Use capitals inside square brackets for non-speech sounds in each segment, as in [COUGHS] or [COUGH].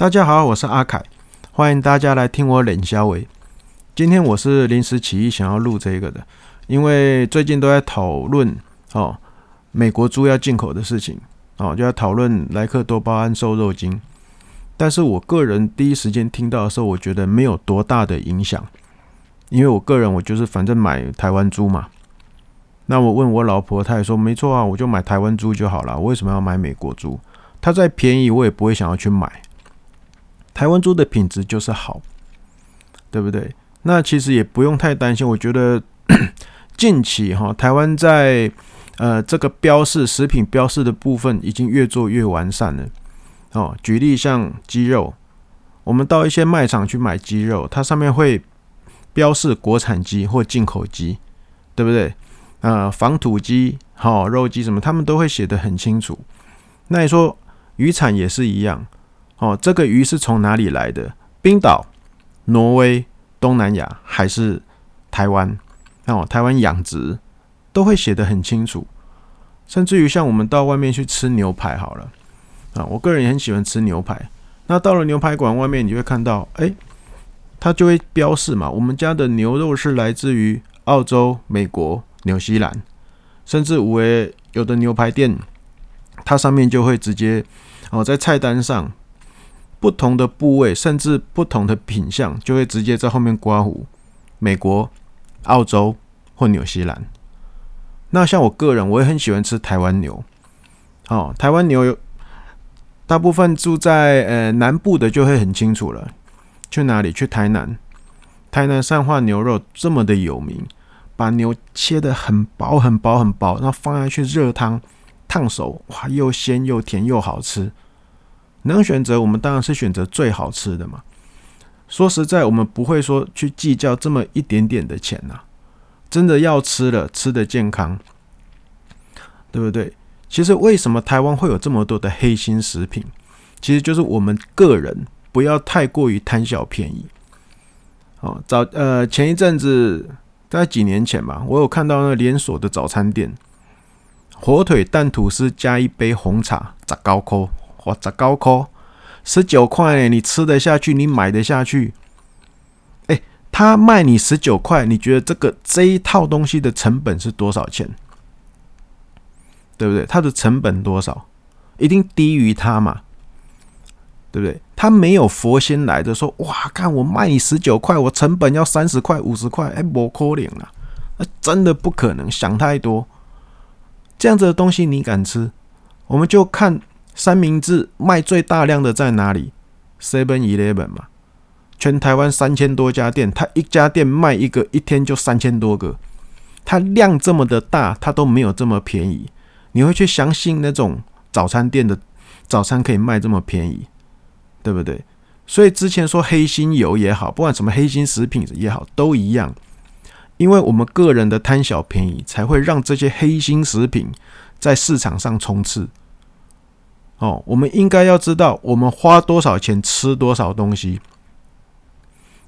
大家好，我是阿凱，歡迎大家來聽我冷消維。今天我是臨時起意想要錄這個的，因為最近都在討論哦，美國豬要進口的事情哦，就在討論萊克多巴胺瘦肉精。但是我個人第一時間聽到的時候，我覺得沒有多大的影響，因為我個人我就是反正買台灣豬嘛。那我問我老婆她也說，她說沒錯啊，我就買台灣豬就好了，我為什麼要買美國豬？它再便宜，我也不會想要去買。台灣豬的品質就是好，對不對？那其實也不用太擔心。我覺得 [COUGHS] 近期哈，台灣在呃這個標示食品標示的部分已經越做越完善了。哦，舉例像雞肉，我們到一些賣場去買雞肉，它上面會標示國產雞或進口雞，對不對？呃，仿土雞、好、哦、肉雞什麼，他們都會寫得很清楚。那你說魚產也是一樣。哦，這個魚是從哪裡來的？冰島、挪威、東南亞還是台灣？看哦，台灣養殖都會寫得很清楚。甚至於像我們到外面去吃牛排，好了啊，我個人也很喜歡吃牛排。那到了牛排館外面，你就會看到，哎、欸，它就會標示嘛，我們家的牛肉是來自於澳洲、美國、紐西蘭，甚至五 A 有的牛排店，它上面就會直接哦，在菜單上。不同的部位，甚至不同的品相，就會直接在後面括弧，美國、澳洲或紐西蘭。那像我個人，我也很喜歡吃台灣牛。哦。台灣牛有大部分住在呃南部的就會很清楚了。去哪裡？去台南。台南善化牛肉這麼的有名，把牛切得很薄很薄很薄，然後放下去熱湯燙熟，哇，又鮮又甜又好吃。能選擇，我們當然是選擇最好吃的嘛。說實在，我們不會說去計較這麼一點點的錢吶、啊。真的要吃了，吃得健康，對不對？其實為什麼台灣會有這麼多的黑心食品？其實就是我們個人不要太過於貪小便宜。早呃前一陣子在幾年前嘛，我有看到那個連鎖的早餐店，火腿蛋吐司加一杯紅茶，炸，高扣，或者高科十九塊，你吃得下去？你買得下去？哎、欸，他賣你十九塊，你覺得這個這一套東西的成本是多少錢？對不對？他的成本多少？一定低於他嘛？對不對？他沒有佛心來的，說哇，看我賣你十九塊，我成本要三十塊、五十塊，哎、欸，我哭臉了，真的不可能，想太多。這樣子的東西你敢吃？我們就看，三明治賣最大量的在哪裡？Seven Eleven 嘛，全台灣三千多家店，它一家店賣一個，一天就三千多個。它量這麼的大，它都沒有這麼便宜。你會去相信那種早餐店的早餐可以賣這麼便宜，對不對？所以之前說黑心油也好，不管什麼黑心食品也好，都一樣，因為我們個人的貪小便宜，才會讓這些黑心食品在市場上充斥。哦，我們應該要知道我們花多少錢吃多少東西，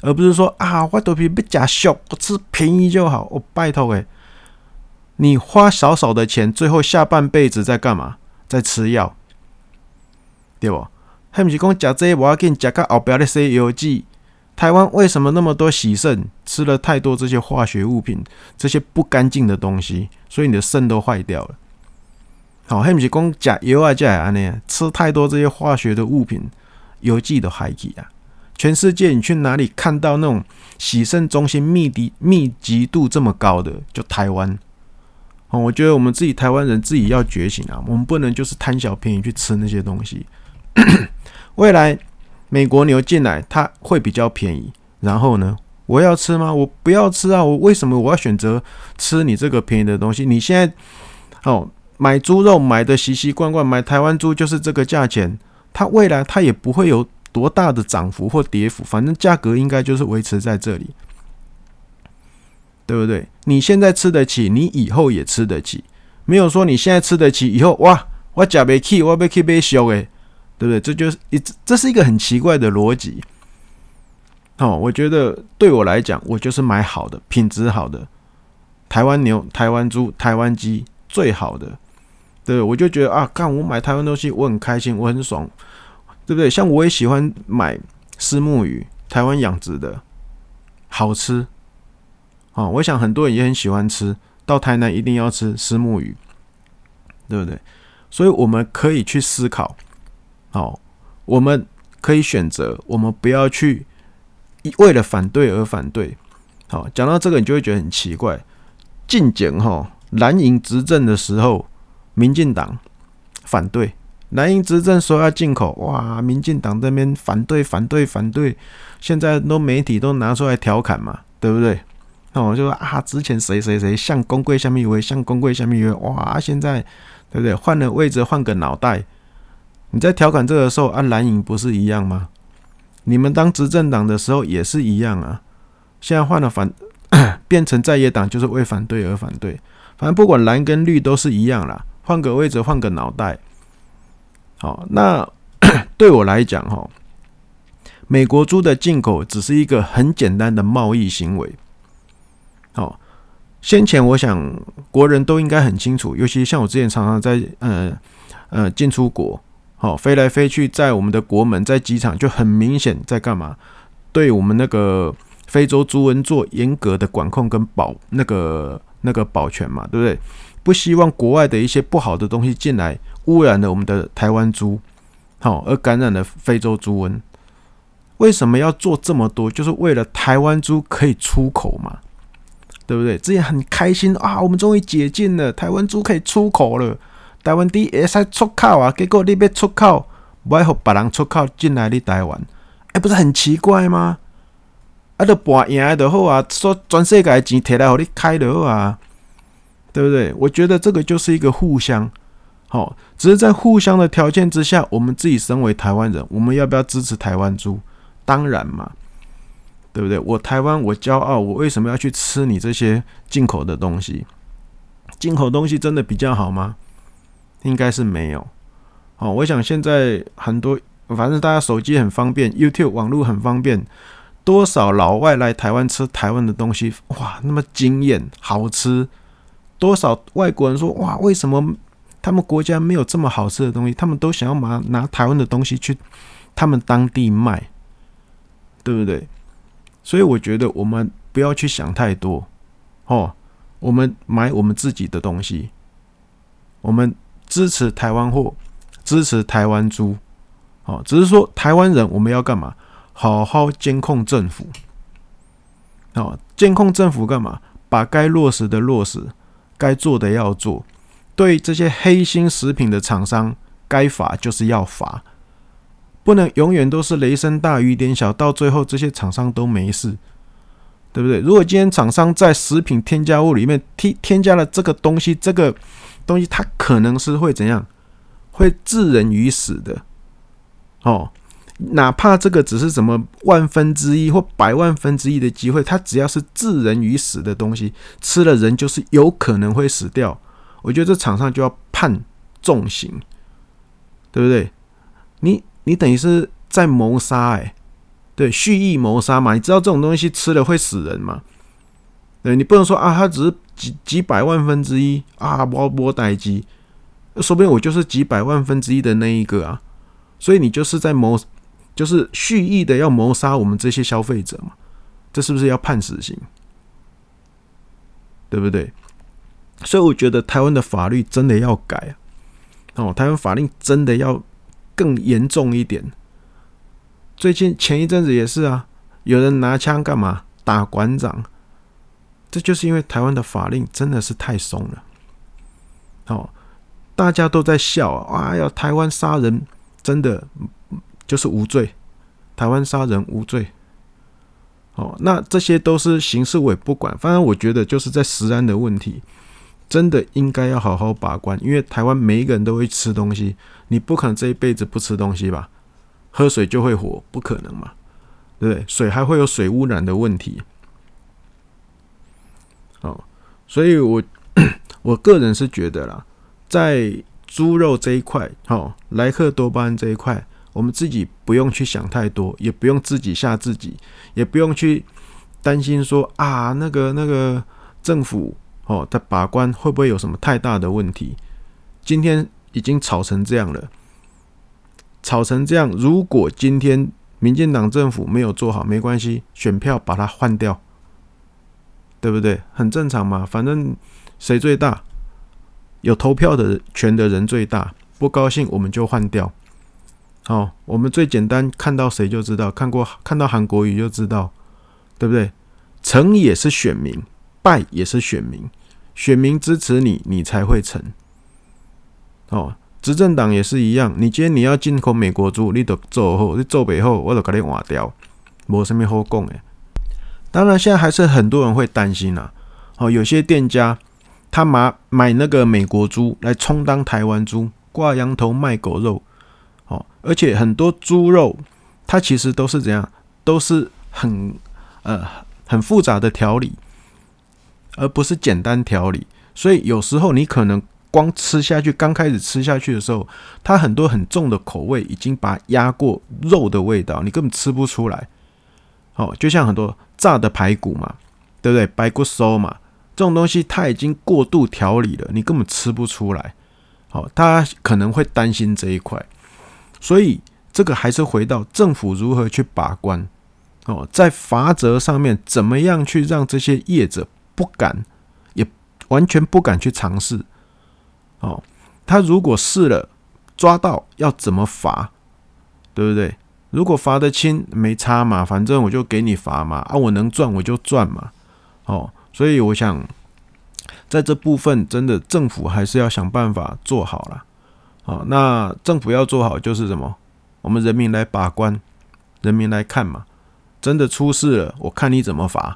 而不是說啊，我肚皮不假，我吃便宜就好。我、哦、拜託哎，你花少少的錢，最後下半輩子在幹嘛？在吃藥，對不？還不是講這些，我要給你講個奧妙的 C U G。台灣為什麼那麼多洗腎？吃了太多這些化學物品，這些不乾淨的東西，所以你的腎都壞掉了。好、哦，還不是講假油啊，假安尼，吃太多這些化學的物品，油脂都海底啊！全世界，你去哪裡看到那種洗腎中心密集、密集度這麼高的？就台灣。哦，我覺得我們自己台灣人自己要覺醒啊！我們不能就是貪小便宜去吃那些東西。 [COUGHS] 未來美國牛進來，它會比較便宜。然後呢，我要吃嗎？我不要吃啊！我為什麼我要選擇吃你這個便宜的東西？你現在哦。買豬肉買的習習慣慣，買台灣豬就是這個價錢。它未來它也不會有多大的漲幅或跌幅，反正價格應該就是維持在這裡，對不對？你現在吃得起，你以後也吃得起，沒有說你現在吃得起，以後，哇，我吃不起，我要去買小的，對不對？這就是一，這是一個很奇怪的邏輯。哦，我覺得對我來講，我就是買好的，品質好的台灣牛、台灣豬、台灣雞最好的。對，我就覺得啊，看我買台灣東西，我很開心，我很爽，對不對？像我也喜歡買虱目魚，台灣養殖的，好吃啊、哦！我想很多人也很喜歡吃，到台南一定要吃虱目魚，對不對？所以我們可以去思考，好、哦，我們可以選擇，我們不要去為了反對而反對。好、哦，講到這個，你就會覺得很奇怪，進檢哈，藍營執政的時候。民進黨反對藍營執政，說要進口哇！民進黨這邊反對、反對、反對，現在都媒體都拿出來調侃嘛，對不對？那、哦、我就說啊，之前誰誰誰向公會下面以為向公會下面以為哇！現在對不對？換了位置，換個腦袋。你在調侃這個時候，啊，藍營不是一樣嗎？你們當執政黨的時候也是一樣啊。現在換了反，變成在野黨，就是為反對而反對。反正不管藍跟綠都是一樣啦。換個位置，換個腦袋。好，那對我來講，哈，美國豬的進口只是一個很簡單的貿易行為。好，先前我想國人都應該很清楚，尤其像我之前常常在嗯嗯進出國，好飛來飛去，在我們的國門，在機場就很明顯在幹嘛？對我們那個非洲豬瘟做嚴格的管控跟保那個那個保全嘛，對不對？不希望國外的一些不好的東西進來，污染了我們的台灣豬，好，而感染了非洲豬瘟。為什麼要做這麼多？就是為了台灣豬可以出口嘛，對不對？之前很開心啊，我們終於解禁了，台灣豬可以出口了，台灣豬也可以出口啊。結果你要出口，不要讓別人出口進來你台灣，哎、欸，不是很奇怪嗎？啊，都博贏的就好啊，說全世界的錢摕來互你開就好啊。對不對？我覺得這個就是一個互相，好，只是在互相的條件之下，我們自己身為台灣人，我們要不要支持台灣豬？當然嘛，對不對？我台灣，我驕傲，我為什麼要去吃你這些進口的東西？進口東西真的比較好嗎？應該是沒有。好，我想現在很多，反正大家手機很方便，YouTube 網絡很方便，多少老外來台灣吃台灣的東西，哇，那麼驚艷，好吃。多少外國人說：“哇，為什麼他們國家沒有這麼好吃的東西？他們都想要拿拿台灣的東西去他們當地賣，對不對？”所以我覺得我們不要去想太多，哦，我們買我們自己的東西，我們支持台灣貨，支持台灣豬，哦，只是說台灣人我們要幹嘛？好好監控政府，哦，監控政府幹嘛？把該落實的落實。該做的要做，對這些黑心食品的廠商，該罰就是要罰，不能永遠都是雷聲大雨點小，到最後這些廠商都沒事，對不對？如果今天廠商在食品添加物裡面添加了這個東西，這個東西它可能是會怎樣？會致人於死的，哦。哪怕這個只是什麼萬分之一或百萬分之一的機會，它只要是致人於死的東西，吃了人就是有可能會死掉。我覺得這場上就要判重刑，對不對？你你等於是在謀殺，哎，對，蓄意謀殺嘛。你知道這種東西吃了會死人嘛？對，你不能說啊，它只是幾幾百萬分之一啊，波波待機，說不定我就是幾百萬分之一的那一個啊，所以你就是在謀。就是蓄意的要謀殺我們這些消費者嘛，這是不是要判死刑？對不對？所以我覺得台灣的法律真的要改哦，台灣法令真的要更嚴重一點。最近前一陣子也是啊，有人拿槍幹嘛？打館長。這就是因為台灣的法令真的是太鬆了。哦，大家都在笑啊！哎，啊，要台灣殺人真的。就是無罪，台灣殺人無罪。哦，那這些都是刑事，我也不管。反正我覺得，就是在食安的問題，真的應該要好好把關，因為台灣每一個人都會吃東西，你不可能這一輩子不吃東西吧？喝水就會火，不可能嘛？對不對？水還會有水污染的問題。哦，所以我 [COUGHS] 我個人是覺得啦，在豬肉這一塊，哦，萊克多巴胺這一塊。我們自己不用去想太多，也不用自己嚇自己，也不用去擔心說啊，那個那個政府哦，他把關會不會有什麼太大的問題？今天已經吵成這樣了，吵成這樣，如果今天民進黨政府沒有做好，沒關係，選票把它換掉，對不對？很正常嘛，反正誰最大，有投票的權的人最大，不高興我們就換掉。哦，我們最簡單看到誰就知道，看過看到韓國瑜就知道，對不對？成也是選民，敗也是選民，選民支持你，你才會成。哦，執政黨也是一樣，你今天你要進口美國豬，你就做好，你做不好，我都可以換掉，沒什麼好講的。當然，現在還是很多人會擔心啦、啊。哦，有些店家他買買那個美國豬來充當台灣豬，掛羊頭賣狗肉。哦，而且很多豬肉，它其實都是怎樣，都是很呃很複雜的調理，而不是簡單調理。所以有時候你可能光吃下去，剛開始吃下去的時候，它很多很重的口味已經把壓過肉的味道，你根本吃不出來。哦，就像很多炸的排骨嘛，對不對？白骨酥嘛，這種東西它已經過度調理了，你根本吃不出來。哦，他可能會擔心這一塊。所以，這個還是回到政府如何去把關哦，在罰則上面怎麼樣去讓這些業者不敢，也完全不敢去嘗試哦。他如果試了，抓到要怎麼罰，對不對？如果罰得輕，沒差嘛，反正我就給你罰嘛啊，我能賺我就賺嘛。哦，所以我想，在這部分真的政府還是要想辦法做好了。哦，那政府要做好就是什麼？我們人民來把關，人民來看嘛。真的出事了，我看你怎麼罰，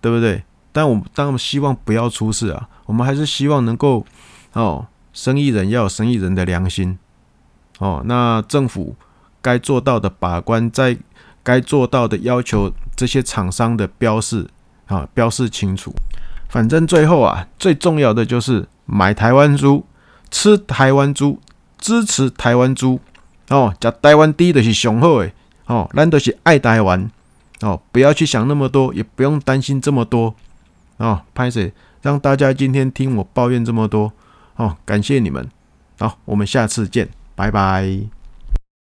對不對？但我們，但我們希望不要出事啊。我們還是希望能夠，哦，生意人要有生意人的良心。哦，那政府該做到的把關，在該做到的要求，這些廠商的標示啊，哦，標示清楚。反正最後啊，最重要的就是買台灣豬。吃台灣豬，支持台灣豬，哦，吃台灣豬就是上好的，哦，咱就是愛台灣，哦，不要去想那麼多，也不用擔心這麼多，哦，拍水，讓大家今天聽我抱怨這麼多，哦，感謝你們，好，哦，我們下次見，拜拜。